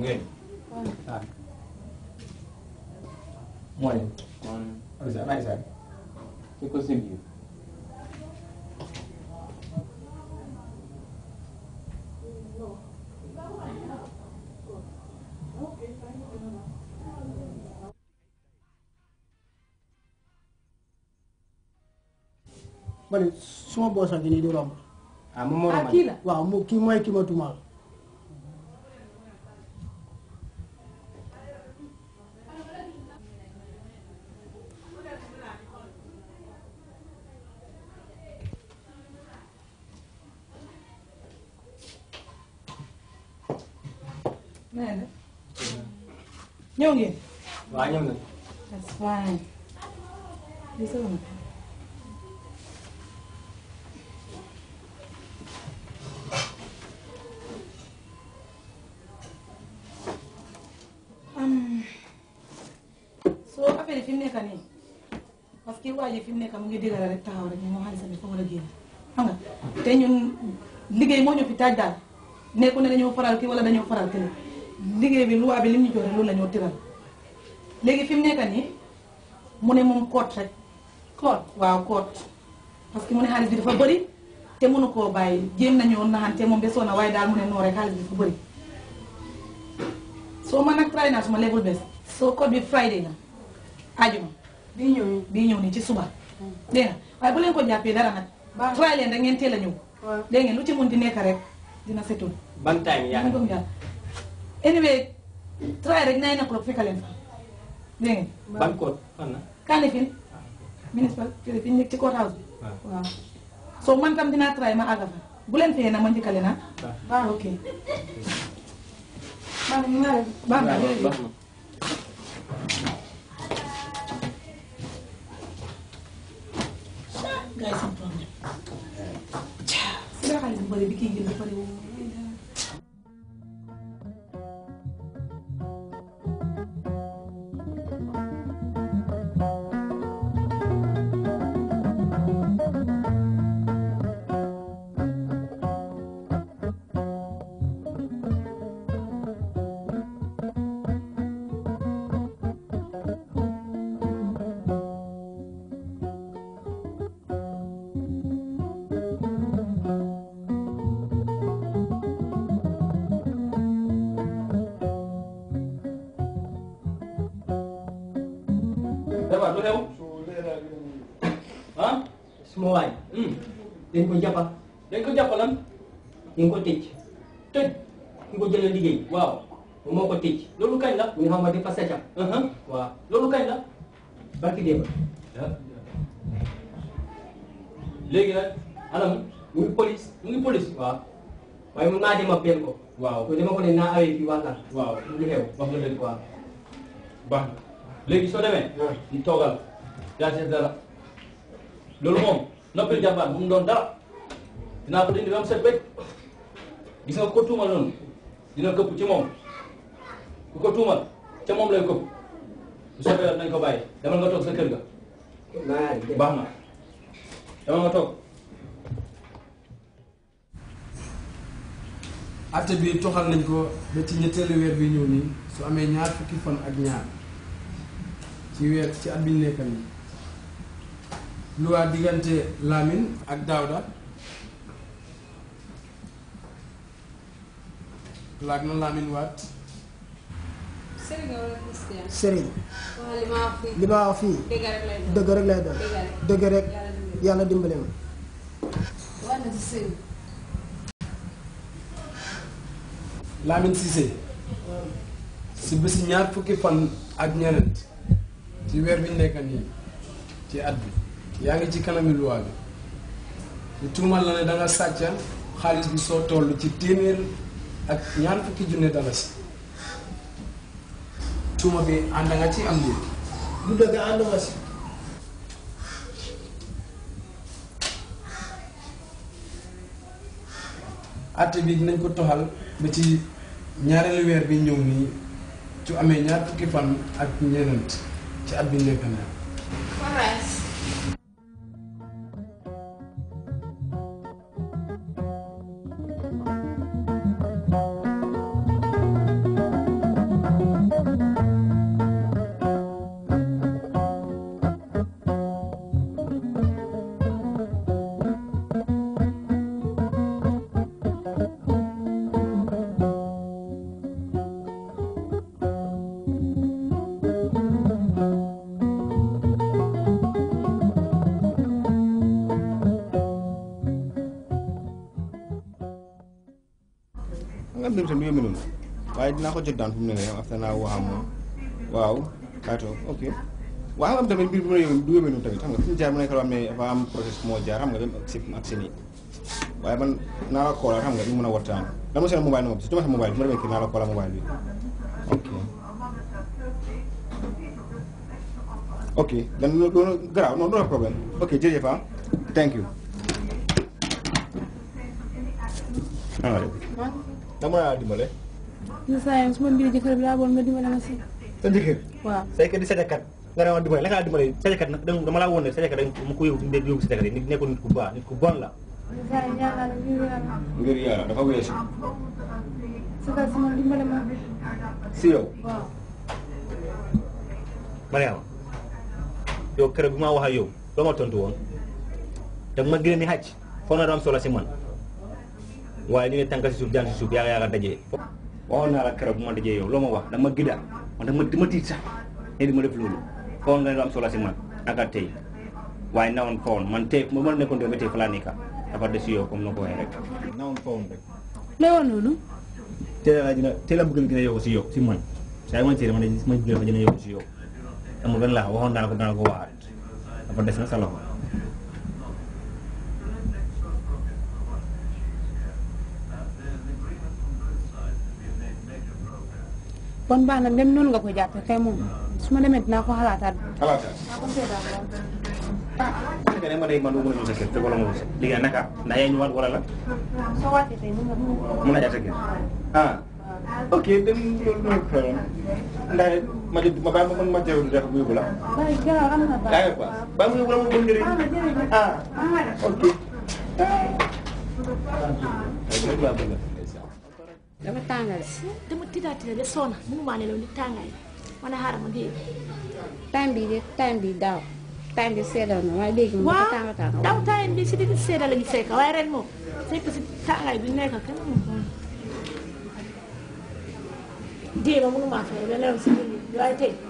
Ninguém. tá Um ano. Pois é, mais é. é. que conseguiu. Bali, Olha, bosan gini di rom. Ah, mo rom. Akila. Wa, mo ki moy ki ma tumal. Nada. Nyonge. Wanyonge. That's fine. This Um, so apa yi filmnya kani? nekk nii parce que waa ji fi gara nekk mu ngi dégg rek taxaw rek moo xaalis bi fa war a génn xam nga te ñun liggéey moo faral ki wala dañoo faral liggéey bi loi bi li mu ñu joxe loolu la ñu tëral léegi fim mu nekk nii mu ne moom koot rek koot waaw koot parce que mu ne xaalis bi dafa bëri te mënu koo bàyyi jéem nañoo naxante moom desoon na waaye daal mu ne noo rek xaalis bi dafa bëri soo man nag try naa ma level best soo code bi friday la ajuma bii ñëw bii ñëw nii ci suba hmm. dégg nga waaye bu leen ko jàppee dara nag try leen rek ngeen teel a ñëw dégg ngeen lu ci mun di nekk rek dina setul ban time yaa anyway try rek nine o'clock fekk fa dégg ban court house bi. Ah. waaw soo man tam dinaa try ma àgga fa bu leen fee na a leen ah. waaw ah. ah, na baax na na. gars yi seen problème. caa si la xale bu bi kii jël Moussa lu xew. ah. suma waay. dañ ko jàppal. dañ ko jàppal lan. ko tëj. tëj. ñu ko jëlee liggéey. waaw moo ko tëj. loolu kañ la. ñu xam ne dafa secca. waaw loolu kañ barki démb. léegi nag anam mu police mu police. waaw waaye mun naa dem appel ko. waaw dama ko ne naa awee fii waxtaan. waaw lu xew wax nga dëgg waaw baax léegi soo demee ñu toogal yaa ci dara loolu moom noppil jàmbaar bu mu doon dara dinaa ko dindi ba mu set bëj gis nga ko tuumal noonu dina këpp ci moom ku ko tuumal ca moom lay këpp bu soobee yàlla nañ ko bàyyi dama nga toog sa kër ga baax na dama nga toog atte bi toxal nañ ko ba ci ñetteelu weer bi ñëw nii su amee ñaar fukki fan ak ñaar ci weer ci at bi ñu nekk nii luwaa diggante Lamine ak Daouda laaj na lamin waat. Serigne li ma wax fii. dëgg rek lay doon dëgg rek yàlla dimbale ma. Lamine Cissé. si bési ñaar fukki fan ak ñeneen. ci weer bi ñu nekk nii ci at bi yaa ngi ci kanami loi bi ñu tuumal la ne da nga sàcc xaalis bi soo toll ci téeméer ak ñaar fukki junne dalasi tuuma bi ànd nga ci am lii lu dëgg ànd nga si atte bi nañ ko toxal ba ci ñaareelu weer bi ñëw nii amee ñaar fukki fan ak قلبي لك انا am dem tamit yombi noonu waaye dinaa ko jot daan fu mu ne naa waxam moom waaw kato ok waaw am tamit mbir bi mu ne yombi du yombi noonu tamit xam nga fi mu jaar mu nekk loo xam ne dafa am process moo jaar xam nga dem ak si ak seen yi waaye man naa la koola a seen mobile mobile bi ma demee kii naa la koola mobile bi ok ok dan loolu garaaw non non problème ok jërëjëf ah thank you. All dama laa dimbale. yenn saa yi su ma mbiri jëkkër bi laa boon nga dimbale ma si. sa jëkkër. waaw say kër nga ne dimbale la dimbale setekat nag dama laa woon ne setekat da ko yóbbu yóbbu nekkul nit ku baax nit ku bon la. ngir yàlla dafa weesu. setekat si man dimbale ma. si yow. waaw. yow kër bi ma wax ak yow loo ma tontu woon. da ma gën ni xaj foog na doon solo si man. waye ñu ngi tànka ci suuf jaan ci suuf yaaka yaa dajee on naa la keroog bu ma dajee yow loma wax dama gida man dama dima tiit sax ne dima def lolu foon nga lu am solo ci man naka tey waaye nawoon foon man tay mo mo nekkon do metti fala ni ka dafa de ci yow comme nako ko waxee rek nawoon foon rek lewoon loolu té la dina té la bëgg gën yow ci yow ci man say man teel man ma bëgg dafa dina yow ci yow amul ben la waxon naa ko dana ko waat dafa des na sa loxo kon baax na dem noonu nga ko jàppee moom su ma demee dinaa ko xalaataat. xalaataat. ah. su fekkee ne ma day man dugg nañu sa kër te wala moom liggéey naka ah, ndax yaa ñëwaat wala la. mun na. mun ah. ma di ma bàyyi ma man ma teewul ndax mu yóbbu la. waaye gannaaw am baax. mu yóbbu la ma mën njëriñ. ah ok. dama tànga de dama tiitaatile de soona mënumaa nelaw li tàngaay ma ne xaaral ma géej time bi de time bi daaw time bi seedal na waaye léegi moom dafa tànga tànga daaw time bi si digg seedal lañu fekk waaye moom fekk si tàngaay bi nekk kenn mu xool jéema mënumaa fay ba nelaw